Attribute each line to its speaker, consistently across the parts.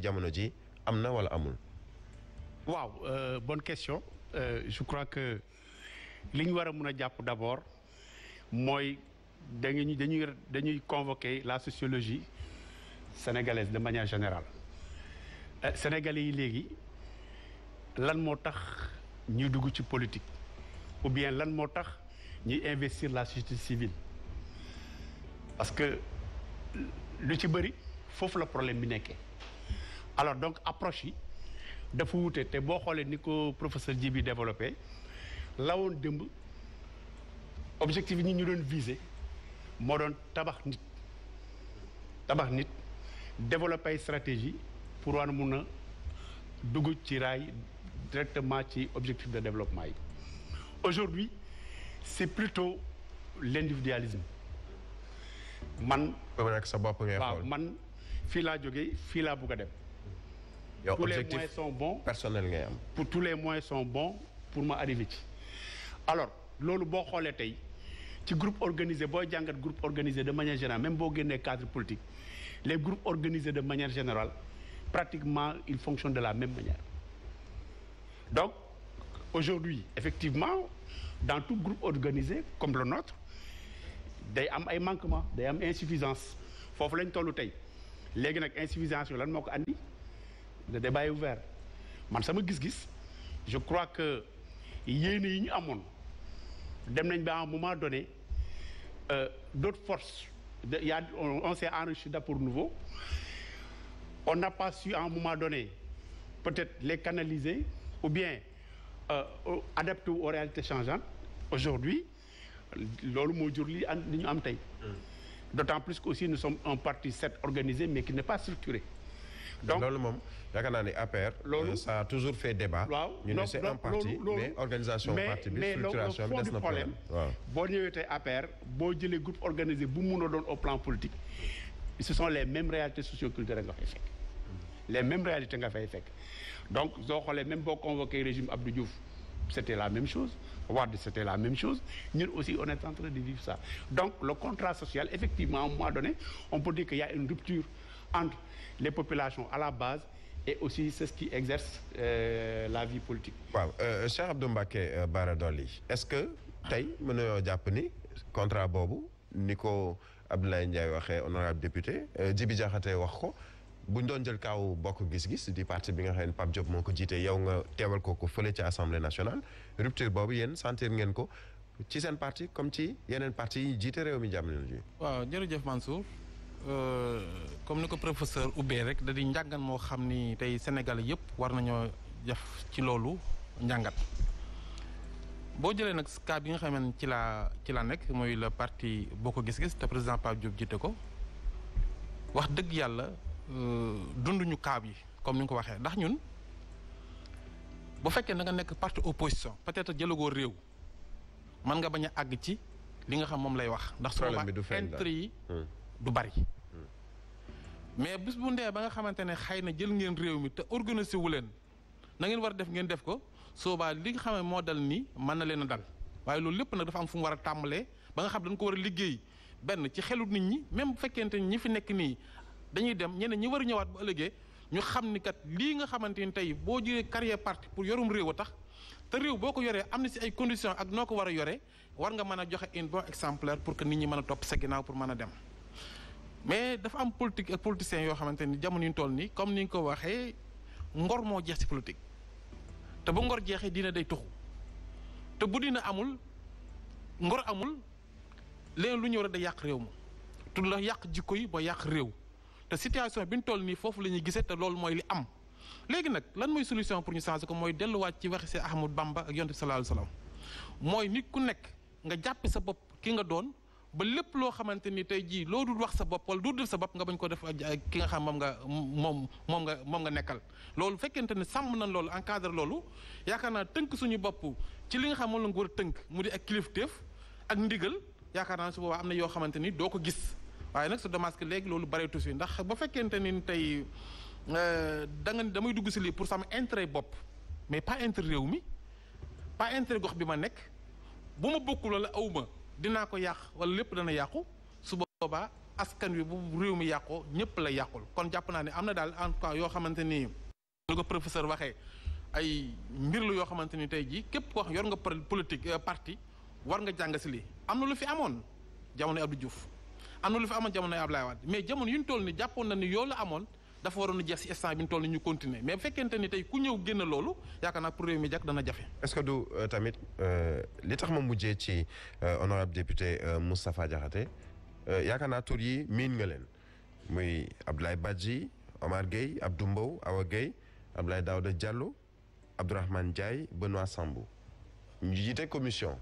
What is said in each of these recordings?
Speaker 1: jamono ji am na wala amul.
Speaker 2: waaw euh, bonne question euh, je crois que li ñu war a mun a jàpp d'abord mooy dañuy dañuy dañuy convoquer la sociologie sénégalaise de manière générale euh, yi léegi lan moo tax ñuy dugg ci politique ou bien lan moo tax ñuy investir la société civile parce que lu ci bëri foofu la problème bi nekkee. alors donc approche yi dafa wuute te boo xoolee ni ko professeur Djibi développé lawoon dëmb objectif yi ñi ñu doon viser moo doon tabax nit tabax nit développer ay stratégie pour na mun na dugg ci raay directement ci objectif de développement yi aujourd'hui c'est plutôt l'individualisme
Speaker 1: man. waaw
Speaker 2: man fii laa jóge fii laa bugg a dem.
Speaker 1: yow tous les moyens sont bons personnel ngay am.
Speaker 2: pour tous les moyens sont bons pour ma arriver ci. alors loolu boo xoolee tey ci groupe organisé booy jàngat groupe organisé de manière générale même boo génnee cadre politique les groupes organisés de manière générale pratiquement il fonctionnent de la même manière donc aujourd'hui effectivement dans tout groupe organisé comme le nôtre day am ay manquements day am insuffisance foofu lañ tollu tey léegi nag insuffisance yooyu lan moo ko andi de débat est ouvert man sama gis-gis je crois que yéene yi ñu amoon dem nañ ba en un moment donné euh, d'autres forces de y a on, on s'est enrichi d'apports nouveaux on n'a pas su à moment donné peut-être les canaliser ou bien euh, adapter aux réalités changeantes aujourd'hui loolu moo jur li am li ñu am tey
Speaker 3: mm.
Speaker 2: d'autant plus que aussi nous sommes en parti certes organisé mais qui n'est pas structuré donc
Speaker 1: loolu moom yaakaar naa ne APR. Euh, loolu ça a toujours fait débat. waaw ñu ne c'est en partie mais organisation parti bi structuration bi des na problème waaw boo ñëwee tey boo jëlee groupe organisé
Speaker 2: bu mun a doon au plan politique ce sont les mêmes réalités socioculturelles nga fay fekk. les mêmes réalités nga fay fekk donc soo xoolee même boo convoqué régime Abdou Diouf c'était la même chose Wade c'était la même chose ñun aussi on est en de vivre social effectivement à un moment donné entre les populations à la base et aussi c'est ce qui exerce euh, la vie politique.
Speaker 1: waaw euh, Cheikh Abdou Mbacké euh, Bara Dolly est-ce que tey mën nañoo jàpp ni contrat boobu ni ko Abdoulaye Ndiaye waxee honorable député Djibi Diakhaté wax ko buñ doon jël kaaw bokk gis-gis di parti bi nga xam ne Pape Diop moo ko jiitee yow nga teewal ko ko fële ci assemblée nationale rupture boobu yéen sentir ngeen ko ci seen parti comme ci yeneen parti yi jiite réew mi jamono ji.
Speaker 4: waaw jërëjëf Mansour. comme ni ko professeur ubbee rek da di njàngat moo xam ni tey Sénégal yëpp war nañoo def ci loolu njàngat boo jëlee nag cas bi nga xam ne ci laa ci la nekk mooy le parti Bokk Gis Gis te président Pape Diop jiite ko wax dëgg yàlla euh, dunduñu kaab yi comme ni nga ko waxee ndax ñun bu fekkee na nga nekk parti opposition peut-être jëlagoo réew mën nga bañ a àgg ci li nga xam moom lay wax. ndax problème bi du feeñ la yi hmm. du bari. mais bis bu ndee ba nga xamante ne xëy na jël ngeen réew mi te organisé wu leen na ngeen war a def ngeen def ko soobaa li nga xam ne moo dal nii mën na leen a dal waaye loolu lépp nag dafa am fu mu war a tàmbalee ba nga xam dañ ko war a liggéey benn ci xelu nit ñi même bu fekkente ni ñi fi nekk nii dañuy dem ñeneen ñi war a ñëwaat bu ëllëgee ñu xam ni kat lii nga xamante ni tey boo jëlee carrière parti pour yorum réew a tax te réew boo ko yoree am na si ay conditions ak noo ko a yoree war nga mën a joxe un bon exemplaire pour ñi mën a topp sa ginnaaw pour mën a dem. mais dafa am politique ak politiciens yoo xamante ni jamono yu ñu nii comme ni nga ko waxee ngor moo jeex ci politique te ba ngor jeexee dina day tuxu te bu dina amul ngor amul leneen lu ñëw rek day yàq réew ma tu la yàq jikko yi ba yàq réew te situation bi ñu toll nii foofu la ñuy gisee te loolu mooy li am léegi nag lan mooy solution pour ñu changer ko mooy delluwaat ci waxi si Ahmadu Bamba ak yonent bi sallallahu alayhi wa mooy nit ku nekk nga jàppe sa bopp ki nga doon ba lépp loo xamante ni tey jii loo dul wax sa bopp wala dul def sa bopp nga bañ ko def ki nga xam moom nga moom moom nga moom nga nekkal loolu fekkente ne sàmm nañ loolu encadre loolu yaakaar naa tënk suñu bopp ci li nga xam moom la nga war a tënk mu di ak kilifteef ak ndigal yaakaar naa su boobaa am na yoo xamante ni doo ko gis waaye nag c'est dommage que léegi loolu bareetu si ndax ba fekkente ni tey euh, da nga damay dugg si lii pour sama intérêt bopp mais pas intérêt réew mi pas intérêt gox bi ma nekk bu ma bokkul wala aw ma dinaa ko yàq wala lépp dana yàqu suba boobaa askan wi bu réew mi yàqoo ñëpp la yàqul kon jàpp naa ne am na daal en tout cas yoo xamante ni lu ko professeur waxee ay mbir la yoo xamante ni tey jii képp wax yor nga politique euh, parti war nga jàng si lii am na lu fi amoon jamono Abdou Diouf am na lu fi amoon jamono Abdoulaye Wade mais jamono yu ñu toll ni jàppoon na ni yoo la amoon dafa waroon a jeex si instant bi ñu toll ni ñu continuer mais bu fekkente ni tey ku ñëw génn loolu yaakaar naa pour réew mi jàkk dana jafe. est-ce du euh,
Speaker 1: tamit euh, li tax ma mujjee ci euh, honorable député Moustapha Diakhaté yaakaar naa tur yi miin nga leen muy Abdoulaye Badji Omar Gueye Abdou Mbow Awa Gueye Abdoulaye Daouda Diallo Abdourahmane Ndiaye Benoît Sambou ñu jiite commission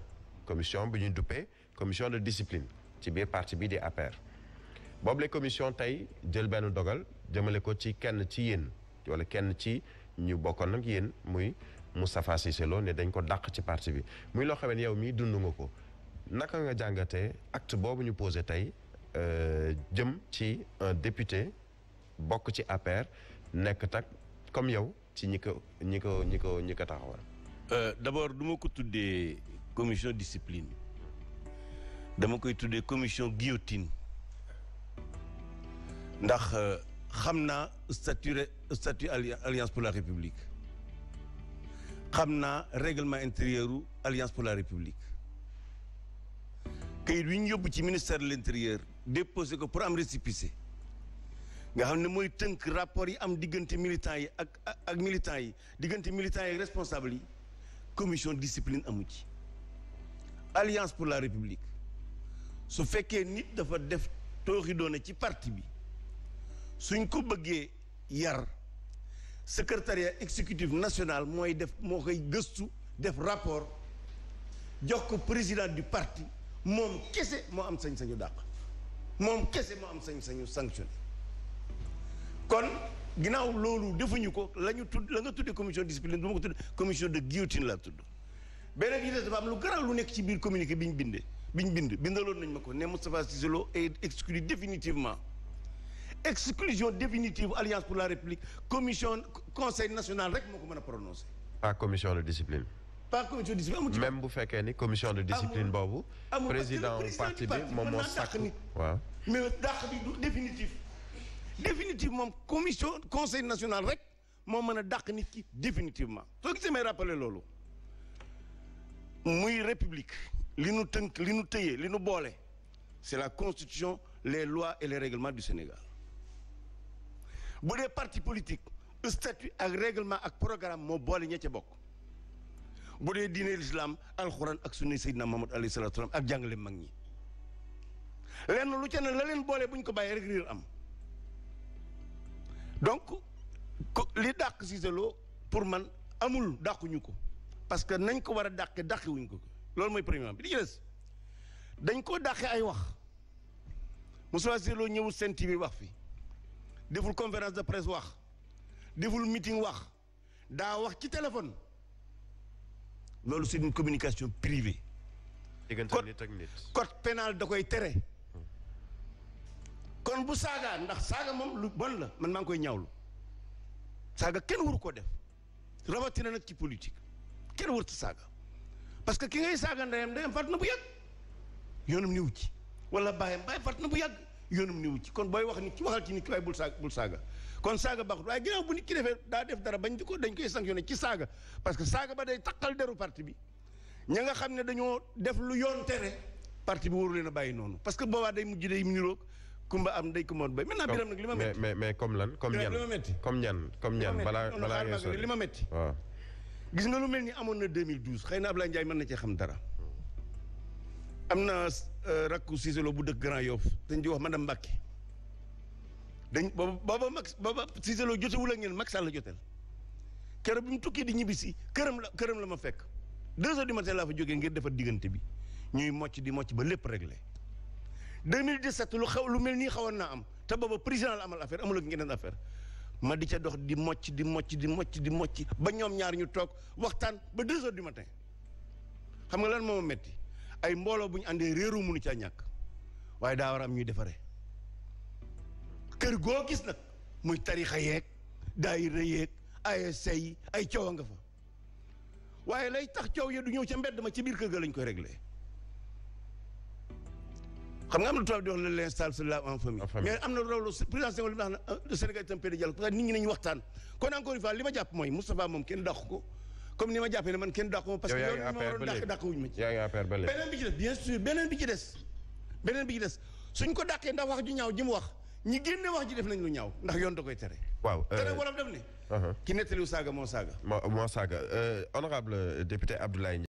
Speaker 1: commission bi ñuy duppee commission de discipline ci biir parti bi di APR. boobu boobule commission tey jël benn dogal jëmale ko ci kenn ci yéen walla kenn ci ñu bokkoon ak yéen muy Moustapha Cissé Lo ne dañ ko dàq ci parti bi muy loo xamee ne yow mii dund nga ko naka nga jàngatee acte boobu ñu posé tey euh, jëm ci un député bokk ci APR nekk tak comme yow ci ñi ko ñi ko ñi ko ñi ko taxawal.
Speaker 3: Euh, d'abord du ma ko tuddee commission discipline dama koy tuddee commission guillotine. ndax euh, xam naa statut statut alliance pour la république xam naa règlement intérieur u alliance pour la république kayit wi ñu yóbbu ci ministère de l' intérieur déposé ko pour am récépissé nga xam ne mooy tënk rapport yi am diggante militants yi ak ak militants yi diggante militants yi ak responsable yi commission discipline amu ci alliance pour la république su fekkee nit dafa def tooxi doona ci parti bi suñ ko bëggee yar secrétariat exécutif national mooy def moo koy gëstu def rapport jox ko président du parti moom kese moo am sañ-sañu dàq moom kese moo am sañ-sañu sanctionné kon ginnaaw loolu defuñu ko la ñu tudd la nga tuddee commission discipline du ma ko tudd commission de guillotine laa tudd beneen bi dafa am lu garaaw lu nekk ci biir communiqué bi ñu bindee bi ñu bind bindaloon nañ ma ko ne Moustapha loo Lo est exclu définitivement exclusion définitive alliance pour la république commission conseil national rek moo ko mën a prononcer.
Speaker 1: pas commission de discipline. pas commission de discipline fekkee ni commission de discipline boobu. président parti bi moom moo sàkk waaw
Speaker 3: mais dàq moom commission conseil national rek moo mën a ni nit ki définitivement soo gisee may rappeler loolu muy république li nu tënk li nu tëyee li nu boole c'est la constitution les lois et les règlements du Sénégal bu dee parti politique statut ak réglement ak programme moo boole ña ca bokk bu dee diine lislaam alxuraan ak sunni seydina Muhammad alayhi salaatu salaam ak jàngale mag ñi lenn lu ca ne la leen boole bu ñu ko bàyyee rek riir am donc li dàq Cissé Lo pour man amul dàquñu ko parce que nañ ko war a dàqe dàqe ko loolu mooy premier bi li ci dañ koo dàqe ay wax Moussa Cissé Lo ñëwul seen TV wax fi deful conférence de presse wax deful meeting wax daa wax ci téléphone loolu c'est une communication privée.
Speaker 1: diggante nit ak nit
Speaker 3: code pénal da koy tere. Hmm. kon bu saaga ndax saaga moom lu bon la man maa ngi koy ñaawlu saaga kenn waru koo def rawatina nag ci politique kenn warut saaga parce que ki ngay saaga ndeyam ndeyam fàtt na bu yàgg yoonam ñëw ci wala bàyyam bàyyi fàtt na bu yàgg. yoonum niwu ci kon booy wax nit ci waxal ci nit ki waaye bul saaga bul saaga kon saaga waaye ginnaaw bu nit ki defee daa def dara bañ di ko dañ koy sanctionné ci saaga parce que saaga ba day taqal deru parti bi ña nga xam ne dañoo def lu yoon tere parti bi waru leen a bàyyi noonu parce que boobaa day mujj day niroog kumba am day kumba bay maintenant biram nag li ma metti gis nga lu mel ni amoon na 2012 xëy na Ablaye Ndiaye mën na cee xam dara am na euh, rakku Cissé Lo bu dëkk Grand Yoff dañ di wax madame Mbacke dañ booba booba mag booba Cissé Lo jotewul ngeen ñun Macky Sall la joteel keroog bi mu tukkee di ñibbisi këram la këram la ma fekk deux heures du matin laa fa jógee ngir defar diggante bi ñuy mocc di mocc ba lépp réglé 2017 lu xew lu mel nii xawoon naa am te booba président la al affaire amul ak ngeneen affaire ma di ca dox di mocc di mocc di mocc di mocc ba ñoom ñaar ñu toog waxtaan ba deux heures du matin xam nga lan moo ma metti ay mbooloo bu ñu àndee réeru mënu caa ñàkk waaye daa war am ñuy defaree kër goo gis nag muy tarixa yeeg daayira yeeg ay say ay coow a nga fa waaye lay tax coow ya du ñëw ca mbedd ma ci biir kër ga lañ koy réglé xam nga am na tubaab di wax la l'instal la lave en famille mais am na loolu président Senghor li mu wax na euh, Sénégal itam de dialogue parce que nit ñi nañu waxtaan kon encore une fois li ma jàpp mooy Moustapha moom kenn dàq ko comme ni ma jàppee ne man kenn dàqu ma parce que yow ma waroon dàq dàq wuñu
Speaker 1: ma ci beneen
Speaker 3: bi ci des beneen bi ci des suñ ko dàqee ndax wax ju ñaaw ji mu wax ñi génne wax ji def nañ lu ñaaw ndax yoon da koy tere
Speaker 1: waaw tere euh, wolof def ne uh-huh. ki nettaliwu saaga moo saaga moo saaga euh, honorable euh, député Abdoulaye